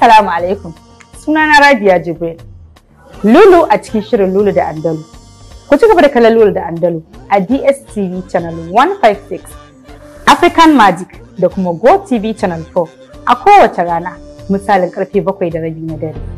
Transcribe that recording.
Assalamu alaikum. Sunana Rabia Jibril. Lulu a cikin shirin Lulu da Andalu. Ku ci gaba da kallon Lulu da Andalu a DSTV Channel 156, African Magic da kuma go tv Channel 4 a kowace rana misalin karfe bakwai da rabi na dare.